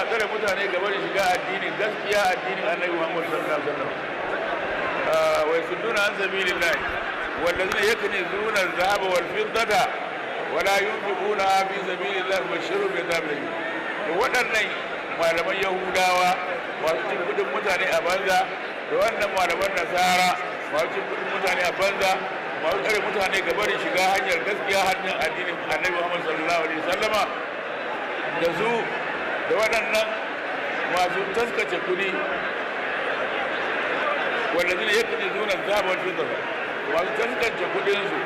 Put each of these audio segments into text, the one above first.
yana kare mutane game da shiga addinin gaskiya addinin annabi muhammad sallallahu alaihi wasallam ah, wa yasudduna an sabilillah والذين يكنزون الذهب والفضة ولا ينفقونها في سبيل الله فبشرهم بعذاب أليم waɗannan malaman yahudawa masu cin kudin mutane a banza da wannan malaman nasara masu cin kudin mutane a banza masu tsare mutane gaba da shiga hanyar gaskiya hannun addinin annabi Muhammadu sallallahu alaihi wasallama da su da waɗannan masu taskace kuɗi, wanda zai yi kudi zuna zaɓar shugaba masu taskace kudinsu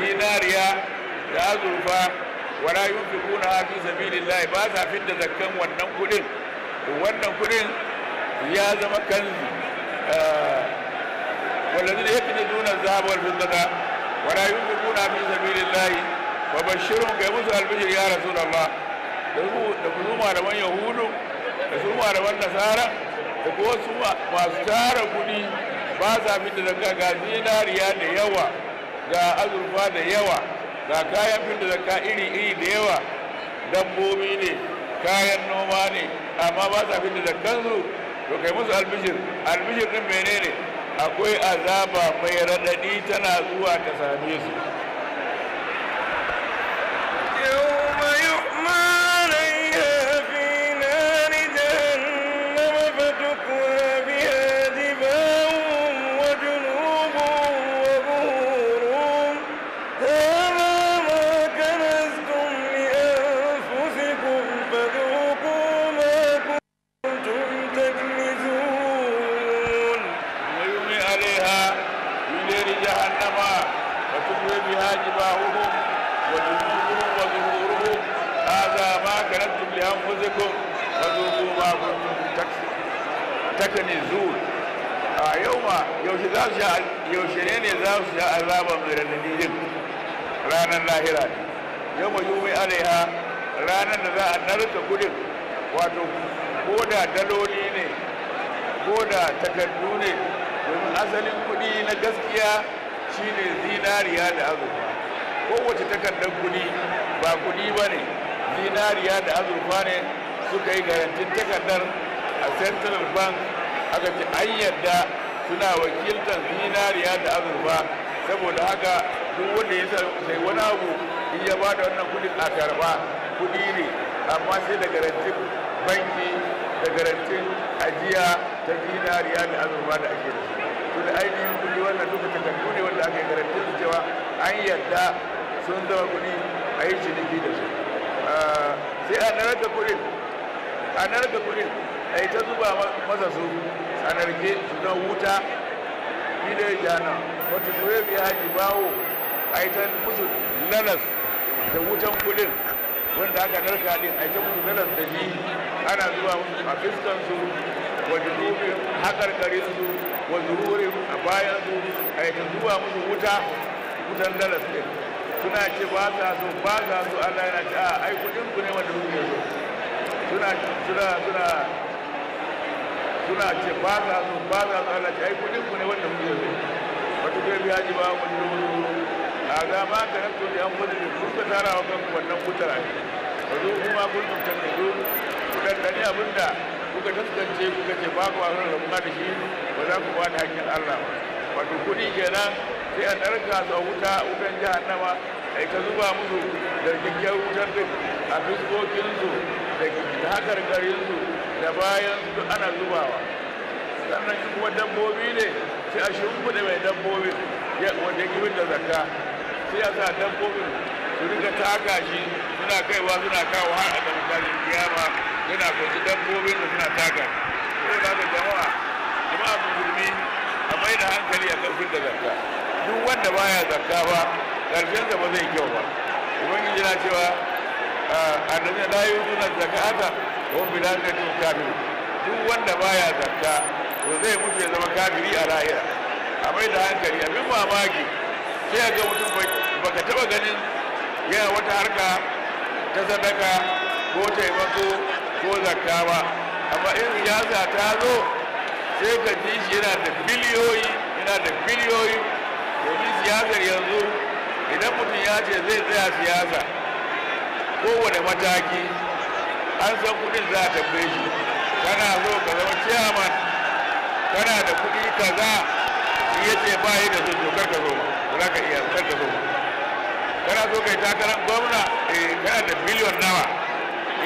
zinariya da azurfa wala yunfiquna fi sabilillahi ba sa da zakkan wannan kudin wannan kuɗin ya zama kanzu eh, wallazi da yake duna zabar fitata wala yunfiquna fi sabilillahi wa bashirum kay musu albijir ya rasu da rasulullah da su malaman yahudu da su malaman nasara da kuma su masu tara kudi ba sa fita zakka ga zinariya da yawa ga azurfa da yawa ga kayan fita zakka iri-iri da yawa dabbobi ne kayan noma ne amma ba sa fita da to kai musu albishir albishir din menene akwai azaba mai raɗaɗi tana zuwa ta same su أجباههم وجنوبهم وظهورهم هذا ما كنتم لأنفسكم فذوقوا ما كنتم تكنزون a yau ma yaushe za su sha yaushe ne ne za su sha azaban mai radadi ranar lahira ne yau ma yumi alaiha ranar da za a narka kudin wato ko da daloli ne ko da takardu ne domin asalin kudi na gaskiya shine zinariya da azurfa kowace takardar kuɗi ba kuɗi ba ne zinariya da azurfa ne suka yi garantin takardar a central bank aka ce an yadda suna wakiltar zinariya da azurfa saboda haka duk wanda ya sai wani abu in ya ba da wannan kuɗin a karba kuɗi ne amma sai da garantin banki da garantin ajiya ta zinariya da azurfa da ake da shi to da ainihin kuɗi wannan duka da ne wanda aka yi garantin su cewa an yadda sun zama kuɗi a yi ciniki da su ah, sai a da kuɗin a da kuɗin a yi ta zuba masa su a narke su na wuta gidan jana wata zuwa biya haji bawo a yi ta musu lalas da wutan kuɗin wanda aka narka din a yi ta musu lalas da shi ana zuba musu a fiskansu wa junubihim haƙarƙarin su wa zururin a bayan su a yi zuwa musu wuta wutan dalas ɗin suna ce ba sa so ba sa so Allah yana ce a ai kuɗin ku ne wanda kuke so suna suna suna suna ce ba sa so ba sa so Allah ce ai kuɗin ku ne wanda kuke so wata kai biya ji ba wani ne a ga ma ka nan tuni an gudu ne kun ka tara wa kanku wannan kutar a ne ba zo kuma kun tuntun da zo ku ɗanɗani abin da kuka taskance kuka ce ba ku da kuma da shi ba za ku bada hakkin Allah ba wato kuɗi kenan sai a ɗarka a wuta wutan jahannama ai ka zuba musu da kyakkyar wutar duk a fuskokinsu da hakar garinsu da bayan su ana zubawa sannan kuma dabbobi ne sai a shimfiɗa mai dabbobi wanda ya da zakka sai a sa dabbobin su rika taka shi suna kaiwa suna kawo har a suna kwaci dabbobin da suna taga sai ba da jama'a jama'a musulmi a mai da hankali a karfin da zakka duk wanda baya zakka ba da ba zai kyau ba ah, yi jira cewa annabi la yuzuna zakata wa hum bil tun kafin duk wanda baya zakka to zai mutu ya zama kafiri a lahira a mai da hankali abin mamaki sai a ga mutum ka taba ganin yana wata harka ta sadaka ko taimako ko zakka ba amma in siyasa ta zo sai ka ji shi yana da biliyoyi yana da biliyoyi domin siyasar yanzu idan mutum ya ce zai tsaya siyasa kowane mataki an san kudin za a tambaye shi kana zo ka zama ciyaman kana da kudi kaza shi ya ce ba yi da su to kar ka zo ba za ka iya kar zo ba kana so kai takarar gwamna eh kana da biliyon nawa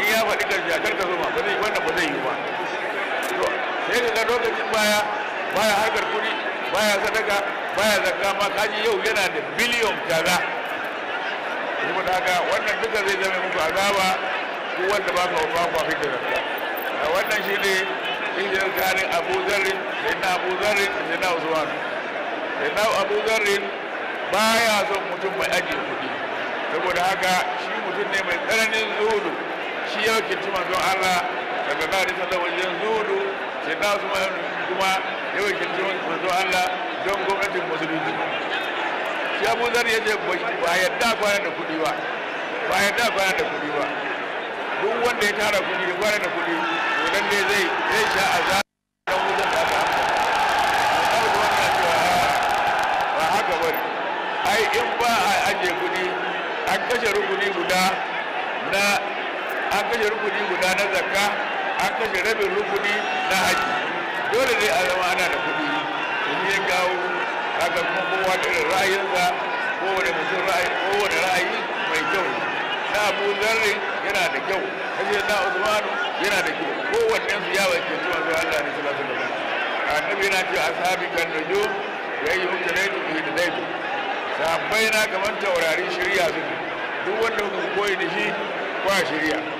in ya faɗi karshe a karka zoma ba zai wanda ba zai yi ba to sai ka ga lokacin baya baya harkar kuɗi baya sadaka baya zakka ma kaji yau yana da biliyon kaza da haka wannan duka zai zama muku azaba ko wanda ba ka ba ku fita zakka wannan shi ne hijiyar kanin abu da na abu da na usman sai na abu baya son mutum mai ajiye kuɗi saboda haka shi mutum ne mai tsananin zuhudu shi ya cima zuwa Allah sallallahu ta wasallam yin zuru sai da su kuma ya wakilci zuwa Allah don gwamnatin musulunci shi Abu Zar ya ce ba yadda kwana da kuɗi ba ba yadda kwana da kuɗi ba duk wanda ya tara kuɗi ya kwana da kuɗi to dan ne zai zai sha A dan ba haka ai in ba a ajiye kuɗi an kashe rukuni guda na an kashe rukuni guda na zakka an kashe rabin rukuni na haji dole ne a zama ana da kuɗi domin ya kawo kaga kuma kowa da irin ra'ayinsa kowane mutum ra'ayi kowane ra'ayi mai kyau na abu zarri yana da kyau kaje na usman yana da kyau kowanne su ya bai kyau zuwa Allah ne sallallahu alaihi wasallam annabi yana cewa ashabi kan jo ya yi hukun da yake da daidu sabai na kamar taurari shirya su duk wanda kuka koyi da shi kwa shirya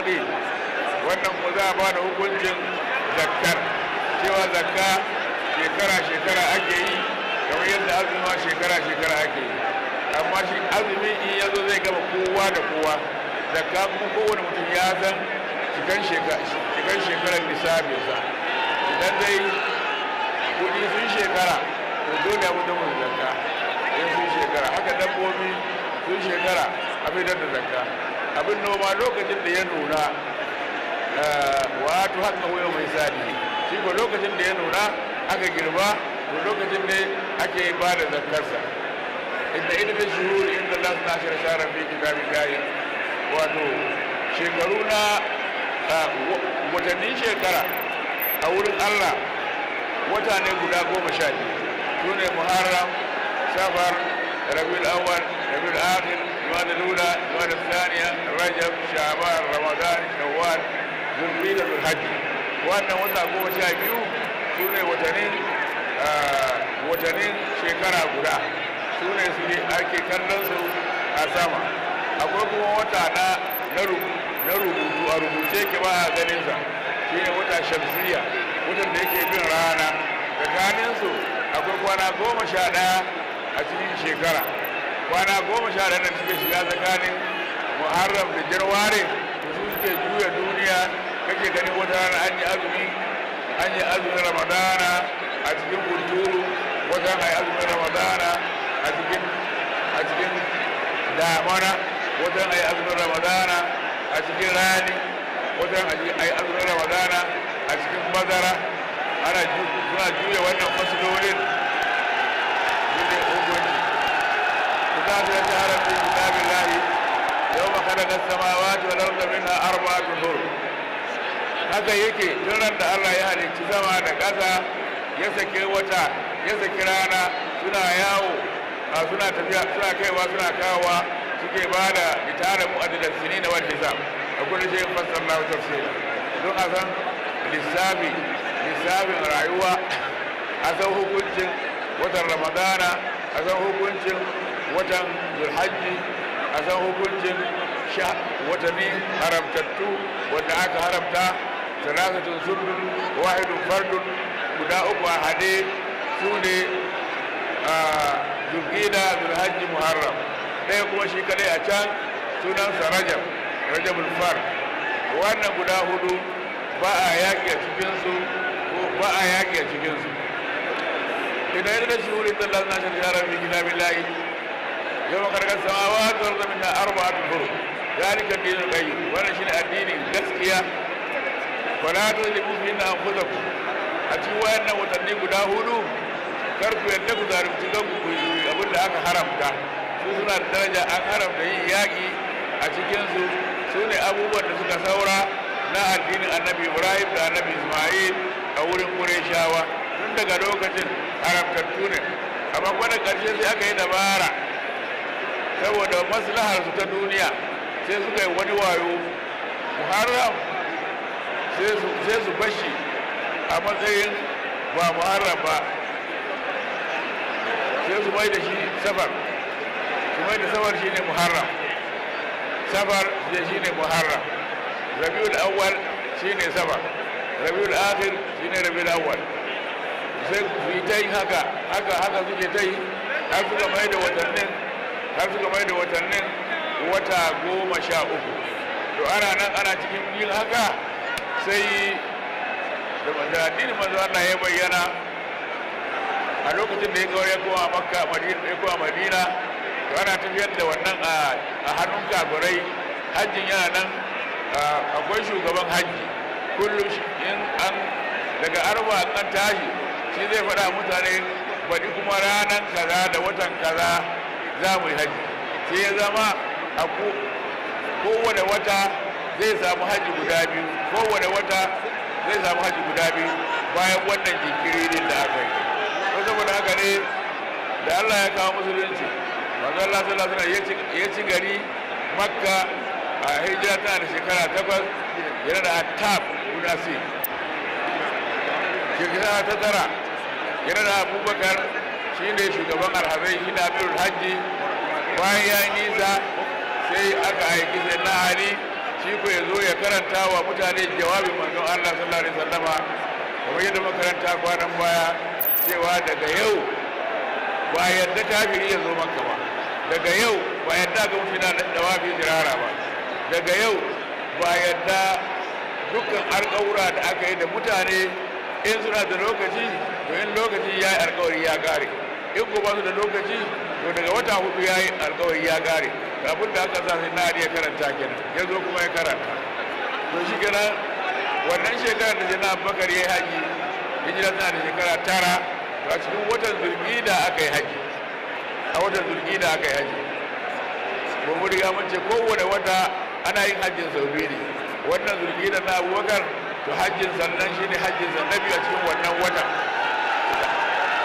faɗi wannan mu za a ba da hukuncin zakkar cewa zakka shekara-shekara ake yi kamar yadda azuma shekara-shekara ake yi amma shi azumi in ya zo zai gaba kowa da kowa zakka kuma kowane mutum ya san cikin shekarar lissafinsa idan dai kuɗi sun shekara to dole ya mutum zakka in sun shekara haka dabbobi sun shekara a da zakka abin noma lokacin da ya nuna eh, wato haka wayo mai sadi shi ko lokacin da ya nuna aka girba ko lokacin ne ake ba da zakarsa inda ina da shuhur inda Allah ta shara shara fi kitabin gayi wato shekaru na eh, watanni shekara a wurin Allah wata ne guda goma sha biyu su ne muharram safar rabiul awwal rabiul akhir جوان الأولى جوان الثانية رجب شعبان رمضان شوال ذو القعدة ذو الحج wannan wata goma sha biyu su watannin shekara guda su su ne ake kallon su a akwai kuma wata na a rubuce ke ba a ganinsa shi ne wata shamsiya watan da yake bin rana tsakaninsu akwai kwana goma sha ɗaya a cikin shekara kwana goma sha da suke shiga tsakanin muharram da jarware su suke juya duniya kake gani wata rana an yi azumi an yi azumin ramadana a cikin hunturu wata yi azumin ramadana a cikin a cikin damana wata ai azumin ramadana a cikin rani wata yi azumin ramadana a cikin bazara ana juya wannan fasilolin خلق السماوات والأرض منها أربعة حر haka yake tun ran da Allah ya halicci sama da ƙasa ya sake wata ya saki rana suna yawo suna tafiya suna kaiwa suna kawowa suke ba da litara mu adadin sini na wani sa a kullum shi fassar na tafsir don a san lissafi lissafin rayuwa a san hukuncin watan ramadana a san hukuncin watan zulhajji a san hukuncin sha watanni haramtattu wanda aka haramta talatatun sunnu wahidun fardun guda uku a haɗe su ne a zulkida zulhajji muharram ɗaya kuma shi kadai a can sunansa rajab rajabul far wannan guda hudu ba a yaƙi a cikinsu ko ba a yaƙi a cikinsu idan yadda shi wuri tallar na shi da yaran min gida bilayi yau makarkar samawa ta wata min arba a furu ذلك الدين القيم وانا شنو الدين gaskiya wala tuzlimu minna anfusakum a cikin wayannan watanni guda hudu kar ku yadda ku zalunci kanku ku abin da aka haramta su suna da daraja an haramta yin yaƙi a cikin su su abubuwan da suka saura na addinin annabi ibrahim da annabi isma'il a wurin ƙureshawa tun daga lokacin haramtattu ne amma kwanan ƙarshe aka yi dabara saboda maslaharsu ta duniya sai suka yi wani wayo muharram sai su bashi a matsayin ba muharram ba sai su mai da shi safar su mai da safar shi ne muharram safar shi ne muharram da awwal shi ne safar da akhir shi ne da awwal sai su yi ta yi haka haka haka suke ta yi har suka mai da watannin har suka mai da watannin wata goma sha uku to ana nan ana cikin yin haka sai da addinin manzo ya bayyana a lokacin da ya kawar ya kowa makka madina ya madina to ana tafiyar da wannan a hannun kafirai hajjin yana nan akwai shugaban hajji kullum in an daga arba an tashi shi zai faɗa mutane baɗi kuma ranar kaza da watan kaza za mu yi hajji sai ya zama Ko kowane wata zai samu haji guda biyu kowane wata zai samu haji guda biyu bayan wannan jinkiri ne da aka yi ko saboda haka ne da Allah ya kawo musulunci manzo Allah sallallahu alaihi wasallam ya ci gari Makka a hijira ta da shekara takwas yana da Attab guda si shekara ta tara yana da Abubakar shi ne shugaban arhamai shi da Hajji bayan ya nisa sai aka aiki sai na hari shi ko ya zo ya karanta wa mutane jawabin manzon Allah sallallahu alaihi wasallama kamar yadda makaranta kwanan baya cewa daga yau ba yadda kafiri ya zo maka ba daga yau ba yadda ga mutuna da dawafi jirara ba daga yau ba yadda dukkan alƙawura da aka yi da mutane in suna da lokaci to in lokaci ya yi alƙawari ya kare in ko ba su da lokaci to daga wata hudu ya yi alkawai ya gare kafin da aka sa sai na ariya karanta kenan ya zo kuma ya karanta to shi kenan wannan shekarar da jana bakar ya yi haji hijira tana da shekara tara to a cikin watan da aka yi haji a watan da aka yi haji ba mu riga mun ce kowane wata ana yin hajjin sau biyu ne wannan da na abubakar to hajjin sannan shi ne hajjin sannan biyu a cikin wannan watan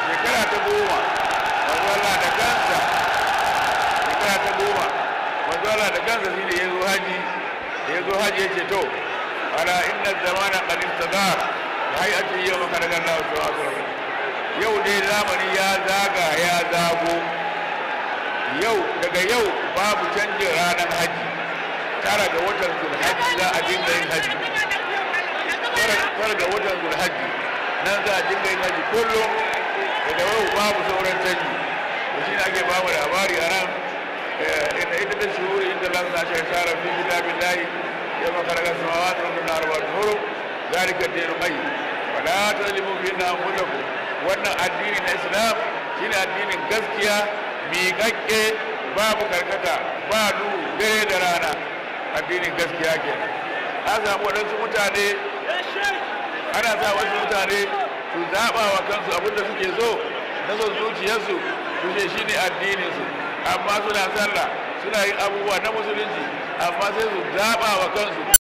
shekara ta goma Allah da kansa shi da ya zo haji da ya zo haji ya ce to ala inna zamana qad ibtada da hay'ati yawma kana ganna wa yau dai zamani ya zaga ya zago yau daga yau babu canjin ranar haji tara ga watan zulhaji za a dinga yin haji tara ga watan zulhaji nan za a dinga yin haji kullum daga yau babu sauran canji shi ne ake bamu labari a ran عدة الشهور عند الله اثنا عشر شهرا في كتاب الله يوم خلق السماوات والأرض أربعة شهور ذلك الدين القيم ولا تظلموا فيهن أنفسكم وأن الدين الإسلام addinin gaskiya mi ميقاكي babu karkata ba duhu dare da rana addinin gaskiya kenan an samu waɗansu mutane ana sa wasu mutane su zaɓa wa kansu abinda suke so na son zuciyarsu su shi ne addininsu amma suna sallah suna yin abubuwa na musulunci amma sai su zaɓa wa kansu